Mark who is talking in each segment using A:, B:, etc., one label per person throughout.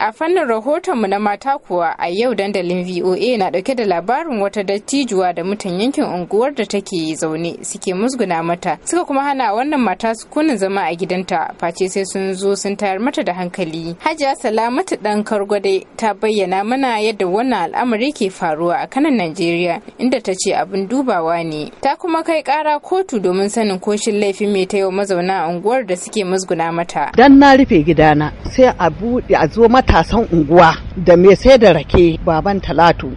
A: A fannin rahotonmu na mata kuwa a yau dandalin VOA na ɗauke da labarin wata dattijuwa da mutan yankin unguwar da take zaune suke musguna mata suka kuma hana wannan mata su sukunin zama a gidanta face sai sun zo sun tayar mata da hankali. Hajiya Salamatu dan Kargwade ta bayyana mana yadda wannan al'amari ke faruwa a kanan Najeriya inda ta ce abin dubawa ne. Ta kuma kai kara kotu domin sanin koshin laifi mai ta yau mazauna unguwar da suke musguna mata.
B: Dan na rufe gidana sai a buɗe a zo mata matasan unguwa da mai sai da rake baban talatu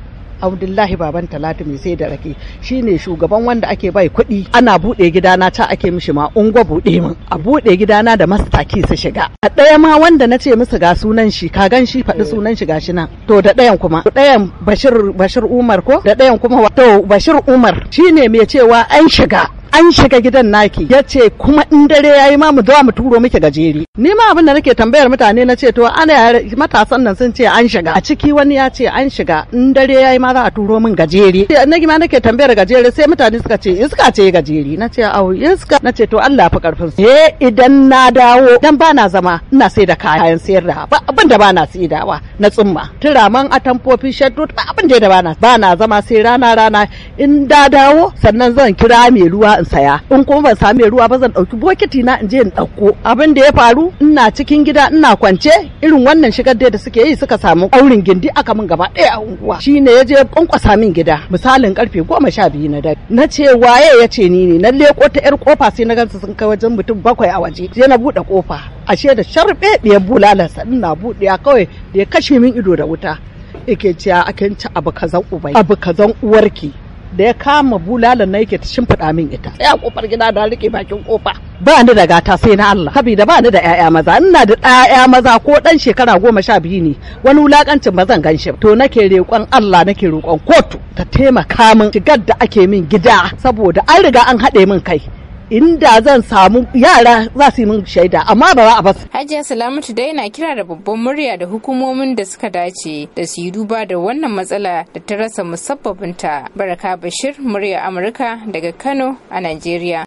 B: abdullahi baban talatu mai sai da rake shine shugaban wanda ake bai kuɗi ana buɗe gidana ta ake mishi ma unguwa buɗe min a buɗe gidana da mastaki su shiga a ɗaya ma wanda na ce musu ga sunan shi ka gan shi faɗi eh. sunan shi gashi nan to da ɗayan kuma ɗayan bashir bashir umar ko da ɗayan kuma to bashir umar shine mai cewa an shiga an shiga gidan naki ya ce kuma in dare ya yi ma mu dawa mu turo muke gajeri ni ma abin da nake tambayar mutane na ce to ana matasan nan sun ce an shiga a ciki wani ya ce an shiga in dare ya yi ma za a turo min gajeri na ma nake tambayar gajeri sai mutane suka ce iska ce gajeri na ce au iska na ce to Allah fi karfin su eh idan na dawo dan na zama ina sai da kayan sayar da ba abin da Na saidawa na tsumma turaman atamfofi shaddu ba abin da Ba na zama sai rana rana in da dawo sannan zan kira mai ruwa in saya in kuma ban sami ruwa ba zan dauki bokiti na in je in dauko. abin da ya faru ina cikin gida ina kwance irin wannan shigar da suke yi suka samu aurin gindi aka min gaba ɗaya a unguwa shine yaje je kwankwasa min gida misalin karfe goma sha biyu na dare na ce waye ya ce ni ne na leko ta yar kofa sai na gansu sun kai wajen mutum bakwai a waje sai na buɗe kofa ashe da sharɓe ɗaya na ina a kawai da ya kashe min ido da wuta yake cewa akan ci abu kazan ubai abu kazan uwarki da ya kama bulalan na yake ta shimfiɗa min ita ya kofar gida da rike bakin kofa ba ni da gata sai na Allah da ba ni da ƴaƴa maza ina da ƴaƴa maza ko ɗan shekara goma sha biyu ne wani wulakancin ba zan gan shi to nake roƙon Allah nake roƙon kotu ta taimaka min shigar da ake min gida saboda an riga an haɗe min kai inda zan samu yara za su yi min shaida amma ba za a basu.
A: Hajiya Salamatu dai na kira da babban murya da hukumomin da suka dace da su yi duba da wannan matsala da ta rasa musabbabinta. Baraka Bashir murya Amurka daga Kano a Najeriya.